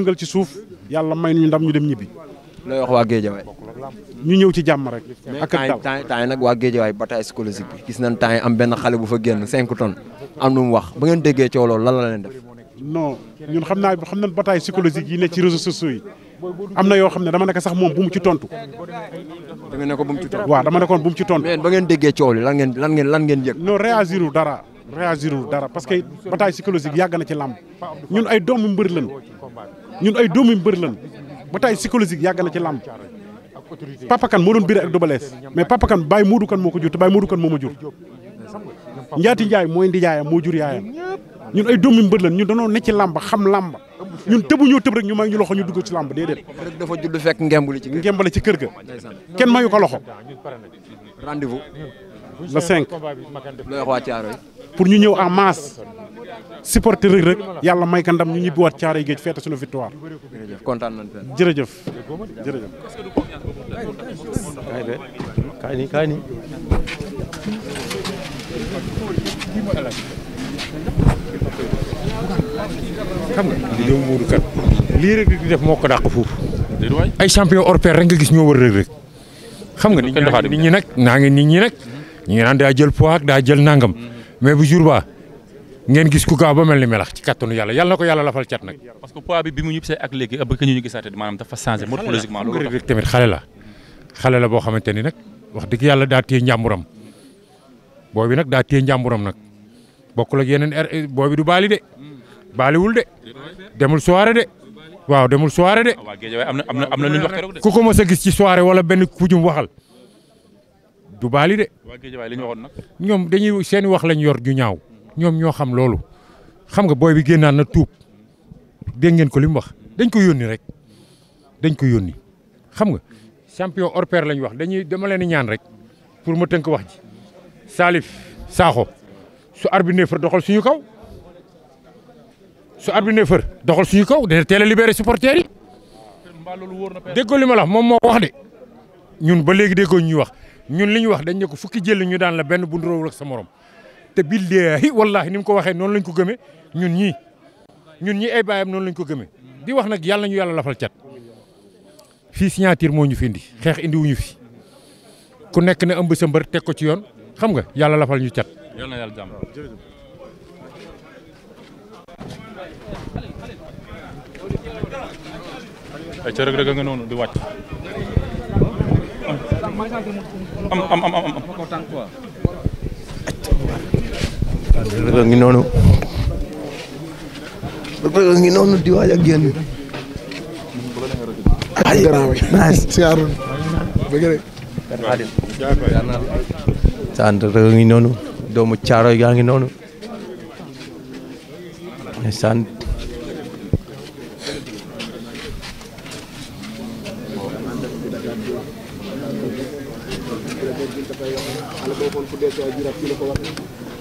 yëngal ci suuf yàlla may ñu ndam ñu dem ñibbi. looy wax waa Géejawaay. ñu ñëw ci jàmm rek. ak ak daaw mais temps yi nag waa Géejawaay bataille psychologique bi gis nañ temps am benn xale bu fa génn 5 tonnes am na yoo xam ne dama nekk sax moom bu mu ci tontu. da nga ne bu mu ci tontu. waaw dama nekkoon bu mu ci tontu. mais ba ngeen déggee coow li lan ngeen lan réagirul dara parce que bataille psychologique yàgg na ci làmb ñun ay doomu mbër lañ ñun ay doomu mbër lañ bataille psychologique yàgg na ci làmb Papa Kane moo doon biir ak Dobalees mais Papa Kane Baye Modou moo ko jur te Baye Modou moo ma Njaati Njaay mooy ndi jaayam moo jur yaayam ñun ay doomu mbër ñun danoo ne ci làmb xam làmb ñun tëbu ñoo tëb rek ñu may ñu loxo ñu dugg ci làmb déedéet. rek dafa judd fekk ngembali ci ngembali ci kër ga kenn mayu ko loxo. rendez pour ñu ñëw en masse supporter Reug Reug yàlla may ka ndam ñu ñibbiwaat Thiaroye Géej feete suñu victoire. jërëjëf kontaan nañu fenn jërëjëf. jërëjëf. kaay nii kaay nii. xam nga. li wóoru kat. lii Reug Reug di def moo ko dàq foofu. ay champion hors pair rek nga gis ñoo wër Reug Reug. xam nga nit ñi nag naa ngi nit ñi nag. ñu ngi naan daa jël poids ak daa jël nangam. mais bu jour ba ngeen gis ku gaaw ba mel ni melax ci kattanu yàlla yàlla na ko yàlla lafal cat nag. parce que poids bi bi mu ñibbisee ak tamit xale la xale la boo xamante ni nag wax dëgg yàlla daa téye njàmburam booy bi nag daa téye njàmburam nag bokkul ak yeneen er eh, booy bi du baali de baaliwul de demul soirée de waaw demul soirée de. Ah, waaw géej waaye am na am na lu ñu wax ku ko mës gis ci soirée wala benn ku waxal. du baali de. waa Géejawaay li ñu waxoon nag. ñoom dañuy seeni wax lañ yor ju ñaaw ñoom ñoo xam loolu xam nga booy bi génnaan na tuub dégg ngeen ko li mu wax dañ ko yónni rek dañ ko yónni xam nga champion hors pair lañ wax dañuy dama leen ñaan rek pour ma tënk wax ji Salif Sakho su arbi neefar doxal suñu kaw su arbi neefar doxal suñu kaw dina teel a libéré supporters yi. déggoo li ma la wax moom moo wax de ñun ba léegi déggoo ñuy wax ñun li ñu wax dañ ne ko fukki jël ñu daan la benn bu nduroowul ak sa morom te billaahi wallaahi ni mu ko waxee noonu lañ ko gëmee ñun ñii ñun ñii ay baayam noonu lañ ko gëmee di wax nag yàlla ñu yàlla lafal cat fii signature moo ñu fi indi xeex indi wuñu fi ku nekk na ëmb sa mbër teg ko ci yoon xam nga yàlla lafal ñu cat. yàlla na yàlla jàmm ay ca rëg di wàcc. am am am ngi noonu rëg a ngi noonu di waaj a génn ay garaaw si aarul bëgg ngi noonu doomu caaro yaa ngi noonu saan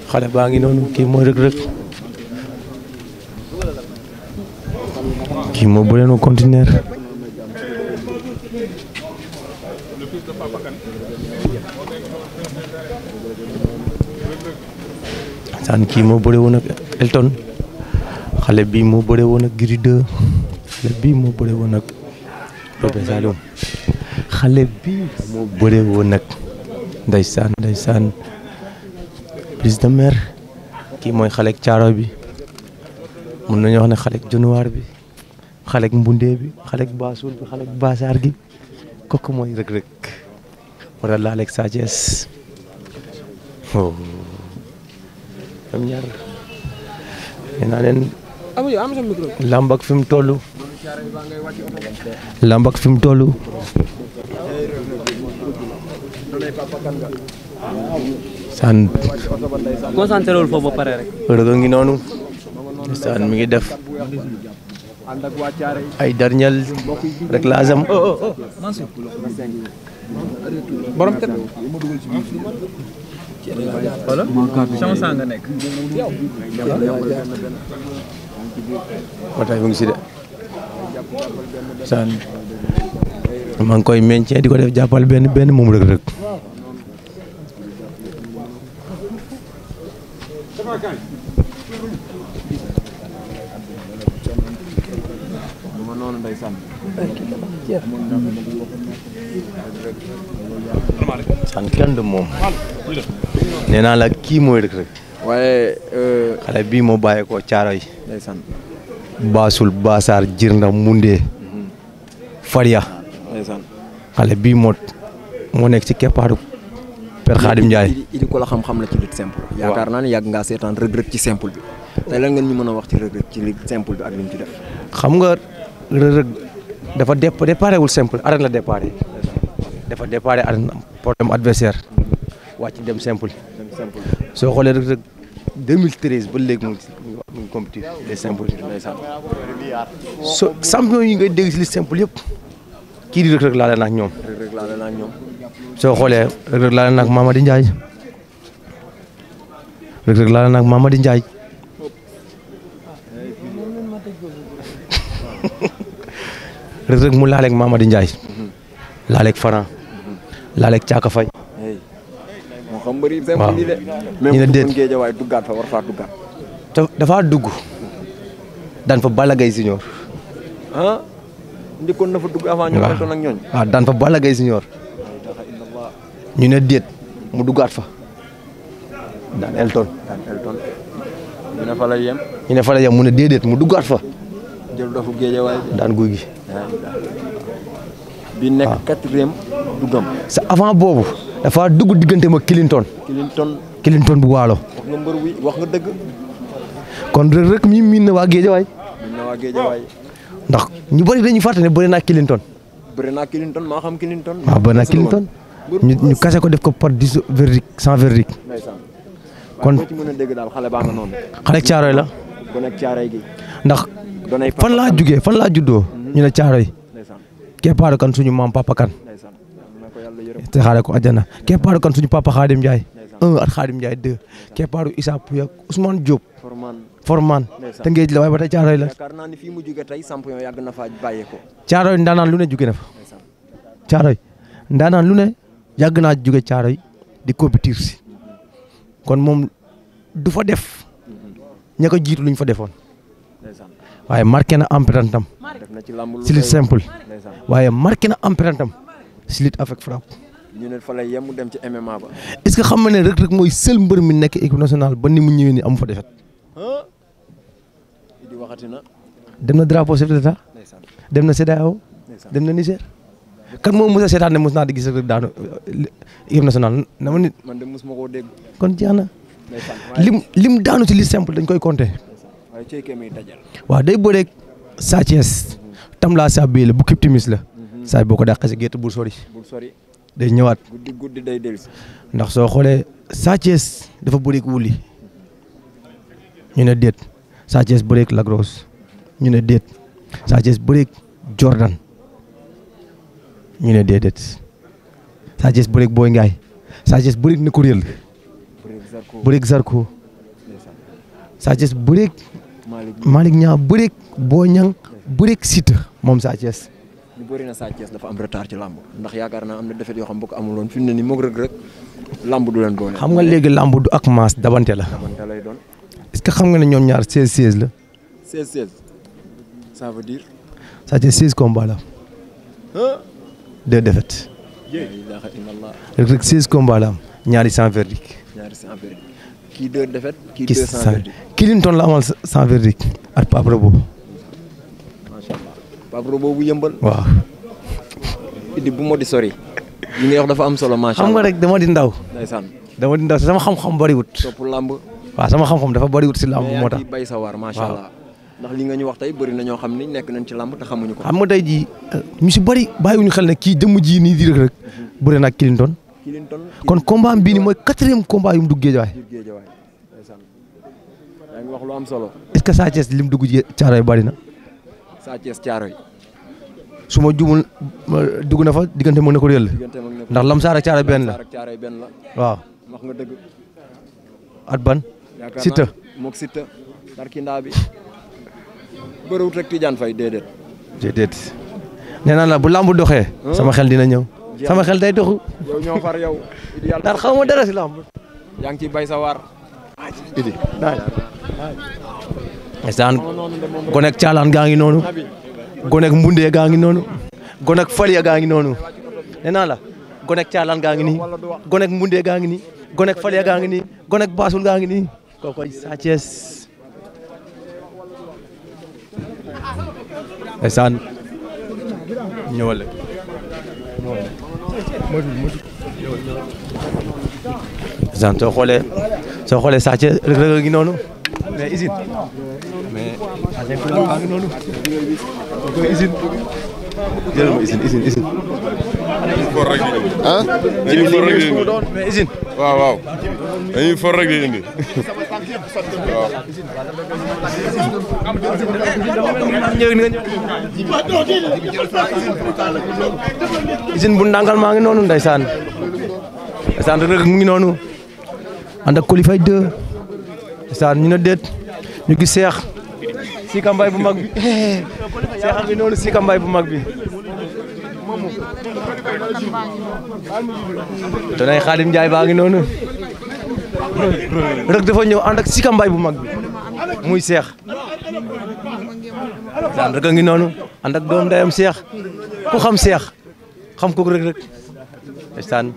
xale baa ngi noonu kii mooy rëg-rëg kii moo bëreenu kii moo woon ak Elton xale bii moo bëre woon ak Gris 2 xale bii moo bëre woon ak Robert Saloum xale bii moo bëre woon ak ndeysaan ndeysaan prise de kii mooy xale caaro bi mun nañu wax ne xale januwaar bi xale mbundee bi xale baasuul bi xale baasaar gi kooku mooy Reug Reug war a laaleeg Sa Thiès oh am ñaar nee naa leen làmb ak fi mu mu toll saan concentré wul foofu ba pare rek. mi ngi def ay dernier rek la azam. borom tëb. voilà sama saa nga de saan maa ngi koy meññee di ko def jàppal benn benn moom rek rek. duma noonu eh, ndeysaan san kenn du moom nee la kii mooy rek rek xale bii moo bàyyi ko caaro yi ndeysaan baasul baasaar jirnda mundee farya ndeysaan xale bii moo moo nekk ci keppaaru Père Khadim Ndiaye idi ko la xam-xam la ci lutte simple yaakaar naa ne yàgg ngaa seetaan rëg-rëg ci simple bi tey lan ngeen ñu mën a wax ci rëg-rëg ci lutte simple bi ak li mu ci xam nga rëg dafa déparé simple arène la déparé dafa déparé arène problème adversaire soo xoolee rëg-rëg 2013 ba léegi mu ngi compétir les simple so champion yi ngay dégg si lutte simple yëpp kii laa la naak ñoom soo xoolee Reug Reug laa leen ak Mamady Ndiaye Reug laa leen ak Mamady Ndiaye Reug Reug mu laaleeg Mamady Ndiaye laaleeg Franc laaleeg Caaka Faye ñu ne déet dafa dugg daan fa Balla Gaye Senior. ah njëkkoon na fa dugg avant daan fa Balla Gaye ñu ne déet mu duggaat fa daan ne fa la yem. ñu fa la mu ne déedéet mu duggaat fa. jël dofu géeje daan guy gi. bi nekk ah. quatrième sa avant boobu dafa dugg diggante ma Clinton. Clinton Clinton bu waalo. wax nga mbër wi wax nga dëgg. kon Reug Reug mi miin na waa géeje waay. miin na waa géeje waay. ndax ñu bëri dañuy fàttali ne bëri naa Clinton. bëri naa Clinton maa xam Clinton. maa ah, bëri naa Clinton. ñu ñu kase ko def ko par dix verdict sans verdict kon xale caaroy la ndax fan laa jugee fan laa juddoo hmm? ñu ne caaroy keppaaru kan suñu maam papa kan te xaare ko àjjana keppaaru kan suñu papa Xaadim Ndiaye un at Xaadim Ndiaye deux keppaaru Issa Pouye ak Ousmane Diop Forman te ngéej la waaye ba tey caaroy la caaroy ndaanaan lu ne jugee na fa caaroy ndaanaan lu ne yàgg naa jóge caaro yi di compétir si kon moom du fa def ña ko jiitu luñ fa defoon waaye marqué na empreinte am si lutte simple waaye marqué na empreinte am si lutte avec frappe. ñu ne fa lay yem mu dem ci MMA ba. que xam nga ne Reug Reug mooy seul mbër mi nekk équipe nationale ba ni mu ñëwee ni amu fa defet di na. dem na drapeau chef d'état dem na CEDEAO dem na Niger. kan moom mos a seetaan ne mos naa gis rek daanu équipe na ma ni man de mos koo dégg. kon jeex na. lim lim daanu ci li simple dañ koy compter. waaw day bëree Sa Thiès tam laa saab bii la bu képp timis la. Mhm. saa boo ko dàqee si gerte bu sori. bul sori. day ñëwaat. guddi guddi day dellu ndax soo xoolee Sa dafa bëreeg wuli ñu ne déet Sa Thiès bëreeg ñu ne déet Sa Thiès Jordan. ñu ne déedéet Sa Thiès bëreeg Boy Ngaay Sa Thiès bëreeg Neko Réel bëreeg Zarko Sa Thiès bëreeg Malick Niang bëreeg Boy Niang bëreeg Siteu moom Sa Thiès ñu bëri na Sa Thiès dafa am retard ci làmb ndax yaakaar naa am na defet yoo xam bokk amul woon fi mu ne nii moog rek rek làmb du leen boole. xam nga léegi làmb du ak maas dabante la. dabante lay doon. est-ce que xam nga ne ñoom ñaar 16 16 la. 16 16 ça veut dire. Sa Thiès 16 combats la. deux défaites. rek 16 combats la am ñaari sans verdict. ñaari sans verdict kii deux défaites kii deux sans verdict. Clinton la amal sans verdict ak Pape Robo. macha allah Pape Robo bu yëmbal. waaw. Idi bu moo di sori. li ngay wax dafa am solo macha allah xam nga rek dama di ndaw. ndeysaan dama di ndaw sama xam-xam bariwut. topp lamb. waaw sama xam-xam dafa bariwut si lamb moo tax. bay sawar macha allah. ndax li nga ñu wax tey bëri na ñoo xam ni nekk nañ ci làmb te xamuñu ko. xam nga tey jii euh, ñu si bëri bàyyiwuñu xel ne kii jëmm ji nii di Reug Reug bëri na ak Clinton. Clinton kon combat am bii nii mooy quatrième combat yu mu dugg géejawaay. yaa ngi wax lu am solo. est-ce que li mu dugg ci Caaroy bëri na. Sa Thiès Caaroy. su ma juumul na fa diggante mag na ko réel ndax Lamsaar ak Caaroy benn la waaw. wax nga dëgg. at ban. yaakaar naa moog bi. bëriwut rek Tidiane la bu lamb doxee. sama xel dina ñëw. sama xel day doxu. yow ñoo far yow. xaw ma dara si yaa ngi ciy bay sa waar. idi isaan gonek caalaan gaa ngi noonu gonek mbundee gaa ngi noonu gonek faliya gaa ngi noonu nee naa la gonek caalaan gaa ngi nii gonek mbundee gaa ngi nii gonek faliya gaa ngi nii gonek baasul gaa ngi nii ndeysaan ñëwale ndeysaan soo xoolee soo xoolee saa ca rëg-rëg gi noonu mais usine mais Sa Thiès Couleur baa ngi noonu koy usine jëlal ma usine usine usine ah dañuy for rek di indi waaw waaw dañuy for rek di indi usine bu ndàngal maa ngi noonu ndeysaan ndeysaan rek mu ngi noonu ànd ak Coly Faye 2 ndeysaan ñu ne ñu gis seex siika mbay bu mag bi seex a ngi noonu siika mbay bu mag bi tonay Xaadim Njaay baa ngi noonu rek dafa ñëw ànd ak sikambaay bu mag bi muy seex daan rek a ngi noonu ànd ak doom ndeyam seex ku xam seex xam ko rek rek saan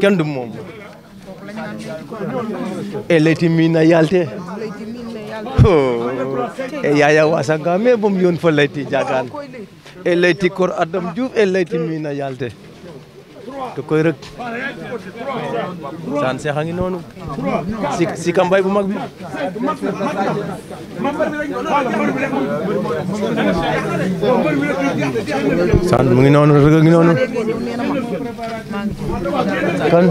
kenn du moom e layti miin na yalte e yaya wasanga me bom yoon fa layti jagaan e layti kor adam diouf e layti miin na yalte da koy rëkk saan seex a ngi noonu si kambay bu mag bi saan mu ngi noonu rëgg a ngi noonu kan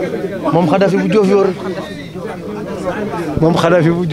moom xadafi bu joof yor moom xadafi bu